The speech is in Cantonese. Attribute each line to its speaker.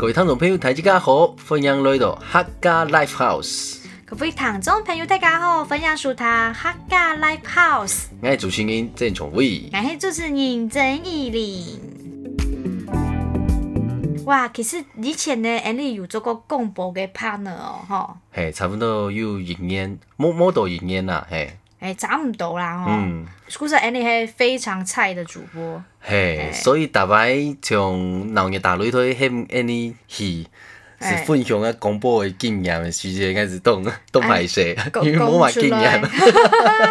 Speaker 1: 各位聽眾朋友，大家好，歡迎來到客家 Life House。
Speaker 2: 各位聽眾朋友，大家好，歡迎收聽客家 Life House。我
Speaker 1: 係主持人鄭仲瑋，
Speaker 2: 我係主持人鄭意玲。哇，其實以前呢 Annie 咧，你有做過廣播嘅 partner 哦，吓。
Speaker 1: 係，差不多有一年，冇冇到一年啦，係。
Speaker 2: 誒、欸，找唔到啦吼！其實，Annie 係非常菜嘅主播。嘿，
Speaker 1: 嘿所以大擺從鬧熱大擂台，Annie 係是分享啊，廣播嘅經驗，直接開始動，動賣勢，因為冇乜經驗。